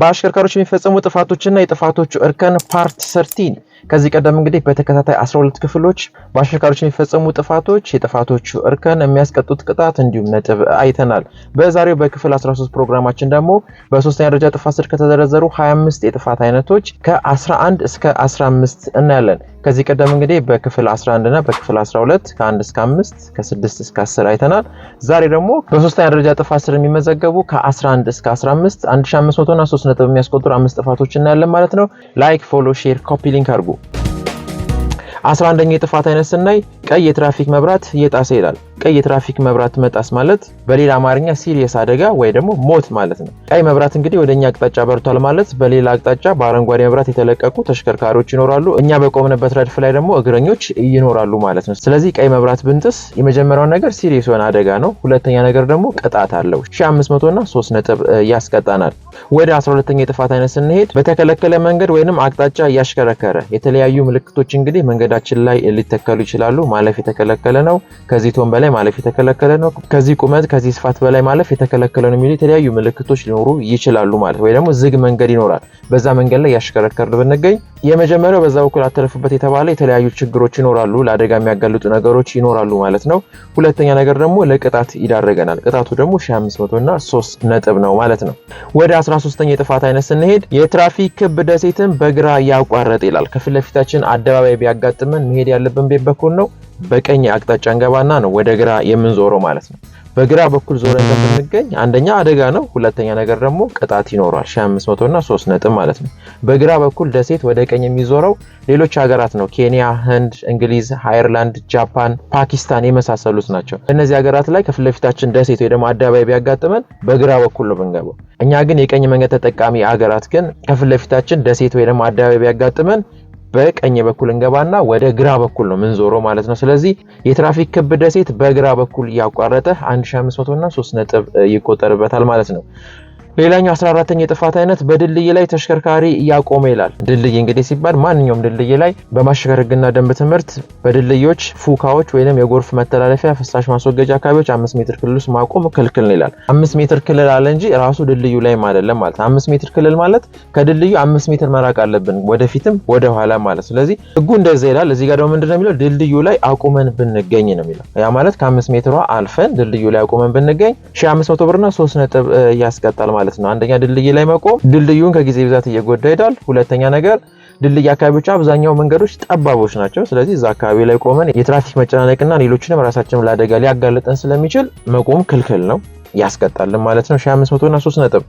በአሽከርካሪዎች የሚፈጸሙ ጥፋቶችና የጥፋቶቹ እርከን ፓርት ሰርቲን ከዚህ ቀደም እንግዲህ በተከታታይ 12 ክፍሎች በአሽከርካሪዎች የሚፈጸሙ ጥፋቶች፣ የጥፋቶቹ እርከን፣ የሚያስቀጡት ቅጣት እንዲሁም ነጥብ አይተናል። በዛሬው በክፍል 13 ፕሮግራማችን ደግሞ በሶስተኛ ደረጃ ጥፋት ስር ከተዘረዘሩ 25 የጥፋት አይነቶች ከ11 እስከ 15 እናያለን። ከዚህ ቀደም እንግዲህ በክፍል 11 እና በክፍል 12 ከ1 እስከ 5 ከ6 እስከ 10 አይተናል። ዛሬ ደግሞ በሶስተኛ ደረጃ ጥፋት ስር የሚመዘገቡ ከ11 እስከ 15 1500 እና 3 ነጥብ የሚያስቆጥሩ አምስት ጥፋቶች እናያለን ማለት ነው። ላይክ፣ ፎሎ፣ ሼር፣ ኮፒ ሊንክ አድርጉ። አስራ አንደኛ የጥፋት አይነት ስናይ ቀይ የትራፊክ መብራት እየጣሰ ይላል። ቀይ የትራፊክ መብራት መጣስ ማለት በሌላ አማርኛ ሲሪየስ አደጋ ወይ ደግሞ ሞት ማለት ነው። ቀይ መብራት እንግዲህ ወደ እኛ አቅጣጫ በርቷል ማለት በሌላ አቅጣጫ በአረንጓዴ መብራት የተለቀቁ ተሽከርካሪዎች ይኖራሉ፣ እኛ በቆምንበት ረድፍ ላይ ደግሞ እግረኞች ይኖራሉ ማለት ነው። ስለዚህ ቀይ መብራት ብንጥስ የመጀመሪያውን ነገር ሲሪየስ የሆነ አደጋ ነው። ሁለተኛ ነገር ደግሞ ቅጣት አለው፣ 1500 እና 3 ነጥብ ያስቀጣናል። ወደ 12 ኛ የጥፋት አይነት ስንሄድ በተከለከለ መንገድ ወይንም አቅጣጫ እያሽከረከረ የተለያዩ ምልክቶች እንግዲህ መንገዳችን ላይ ሊተከሉ ይችላሉ። ማለፍ የተከለከለ ነው፣ ከዚህ ቶን በላይ ማለፍ የተከለከለ ነው፣ ከዚህ ቁመት ከዚህ ስፋት በላይ ማለፍ የተከለከለ ነው የሚሉ የተለያዩ ምልክቶች ሊኖሩ ይችላሉ ማለት ወይ ደግሞ ዝግ መንገድ ይኖራል። በዛ መንገድ ላይ ያሽከረከርን ብንገኝ የመጀመሪያው በዛ በኩል አተረፍበት የተባለ የተለያዩ ችግሮች ይኖራሉ፣ ለአደጋ የሚያጋልጡ ነገሮች ይኖራሉ ማለት ነው። ሁለተኛ ነገር ደግሞ ለቅጣት ይዳረገናል። ቅጣቱ ደግሞ 1500 እና 3 ነጥብ ነው ማለት ነው። ወደ 13ኛ የጥፋት አይነት ስንሄድ የትራፊክ ክብ ደሴትን በግራ ያቋረጥ ይላል። ከፊት ለፊታችን አደባባይ ቢያጋጥመን መሄድ ያለብን ቤት በኩል ነው። በቀኝ አቅጣጫ እንገባና ነው ወደ ግራ የምንዞረው ማለት ነው። በግራ በኩል ዞረን እንደምንገኝ አንደኛ አደጋ ነው፣ ሁለተኛ ነገር ደግሞ ቅጣት ይኖረዋል። 500 እና 3 ነጥብ ማለት ነው። በግራ በኩል ደሴት ወደ ቀኝ የሚዞረው ሌሎች ሀገራት ነው። ኬንያ፣ ህንድ፣ እንግሊዝ፣ አየርላንድ፣ ጃፓን፣ ፓኪስታን የመሳሰሉት ናቸው። እነዚህ ሀገራት ላይ ከፊት ለፊታችን ደሴት ወይ ደግሞ አደባባይ ቢያጋጥመን በግራ በኩል ነው ብንገባው። እኛ ግን የቀኝ መንገድ ተጠቃሚ ሀገራት ግን ከፊት ለፊታችን ደሴት ወይ ደግሞ አደባባይ ቢያጋጥመን በቀኝ በኩል እንገባና ወደ ግራ በኩል ነው ምንዞሮ ማለት ነው። ስለዚህ የትራፊክ ክብ ደሴት በግራ በኩል ያቋረጠ 1500 እና 3 ነጥብ ይቆጠርበታል ማለት ነው። ሌላኛው 14ተኛ የጥፋት አይነት በድልድይ ላይ ተሽከርካሪ ያቆመ ይላል። ድልድይ እንግዲህ ሲባል ማንኛውም ድልድይ ላይ በማሽከር ህግና ደንብ ትምህርት በድልድዮች፣ ፉካዎች ወይም የጎርፍ መተላለፊያ፣ ፍሳሽ ማስወገጃ አካባቢዎች አምስት ሜትር ክልል ውስጥ ማቆም ክልክል ነው ይላል። አምስት ሜትር ክልል አለ እንጂ ራሱ ድልድዩ ላይም አይደለም ማለት ነው። አምስት ሜትር ክልል ማለት ከድልድዩ አምስት ሜትር መራቅ አለብን ወደፊትም ወደ ኋላ ማለት። ስለዚህ ህጉ እንደዛ ይላል። እዚህ ጋር ደግሞ ምንድነው የሚለው ድልድዩ ላይ አቁመን ብንገኝ ነው የሚለው። ያ ማለት ከአምስት ሜትሯ አልፈን ድልድዩ ላይ አቁመን ብንገኝ ሺ አምስት መቶ ብርና ሶስት ነጥብ ያስቀጣል ማለት ማለት ነው። አንደኛ ድልድይ ላይ መቆም ድልድዩን ከጊዜ ብዛት እየጎዳ ሄዳል። ሁለተኛ ነገር ድልድይ አካባቢዎች አብዛኛው መንገዶች ጠባቦች ናቸው። ስለዚህ እዛ አካባቢ ላይ ቆመን የትራፊክ መጨናነቅና ሌሎችንም ራሳችንም ለአደጋ ሊያጋለጠን ስለሚችል መቆም ክልክል ነው ያስቀጣልን ማለት ነው። ሺ አምስት 3 ነጥብ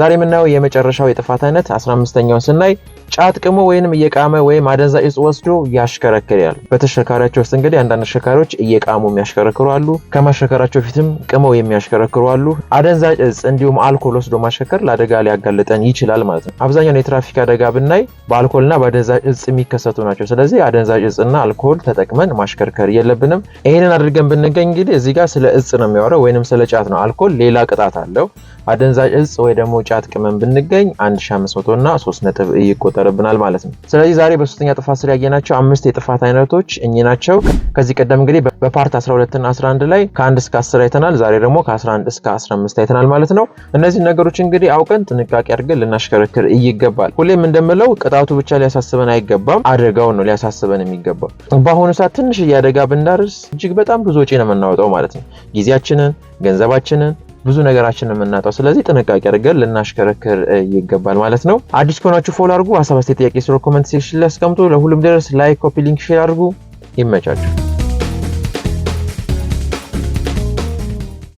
ዛሬ የምናየው የመጨረሻው የጥፋት አይነት 15 ኛውን ስናይ ጫት ቅሞ ወይንም እየቃመ ወይም አደንዛዥ እጽ ወስዶ ያሽከረክር ያል በተሽከርካሪያቸው ውስጥ እንግዲህ አንዳንድ አሽከርካሪዎች እየቃሙ የሚያሽከረክሩ አሉ። ከማሽከራቸው ፊትም ቅመው የሚያሽከረክሩ አሉ። አደንዛዥ እጽ እንዲሁም አልኮል ወስዶ ማሽከርከር ለአደጋ ሊያጋልጠን ይችላል ማለት ነው። አብዛኛውን የትራፊክ አደጋ ብናይ በአልኮልና በአደንዛዥ እጽ የሚከሰቱ ናቸው። ስለዚህ አደንዛዥ እጽና አልኮል ተጠቅመን ማሽከርከር የለብንም። ይህንን አድርገን ብንገኝ እንግዲህ እዚህ ጋር ስለ እጽ ነው የሚያወራው ወይንም ስለ ጫት ነው። አልኮል ሌላ ቅጣት አለው። አደንዛዥ እጽ ወይ ደግሞ ጫት ቅመም ብንገኝ 1500 እና 3 ነጥብ ይቆጠርብናል ማለት ነው። ስለዚህ ዛሬ በሶስተኛ ጥፋት ስር ያየናቸው አምስት የጥፋት አይነቶች እኚህ ናቸው። ከዚህ ቀደም እንግዲህ በፓርት 12 እና 11 ላይ ከ1 እስከ 10 አይተናል። ዛሬ ደግሞ ከ11 እስከ 15 አይተናል ማለት ነው። እነዚህ ነገሮች እንግዲህ አውቀን ጥንቃቄ አድርገን ልናሽከረክር ይገባል። ሁሌም እንደምለው ቅጣቱ ብቻ ሊያሳስበን አይገባም፣ አደጋው ነው ሊያሳስበን የሚገባው። በአሁኑ ሰዓት ትንሽ እያደጋ ብንዳርስ እጅግ በጣም ብዙ ወጪ ነው የምናወጣው ማለት ነው ጊዜያችንን ገንዘባችንን ብዙ ነገራችን የምናጣው። ስለዚህ ጥንቃቄ አድርገን ልናሽከረክር ይገባል ማለት ነው። አዲስ ከሆናችሁ ፎሎ አድርጉ። ሀሳብ አስተያየት፣ ጥያቄ ስለ ኮመንት ሴክሽን ላይ አስቀምጡ። ለሁሉም ድረስ ላይክ፣ ኮፒ ሊንክ፣ ሼር አድርጉ። ይመቻችሁ።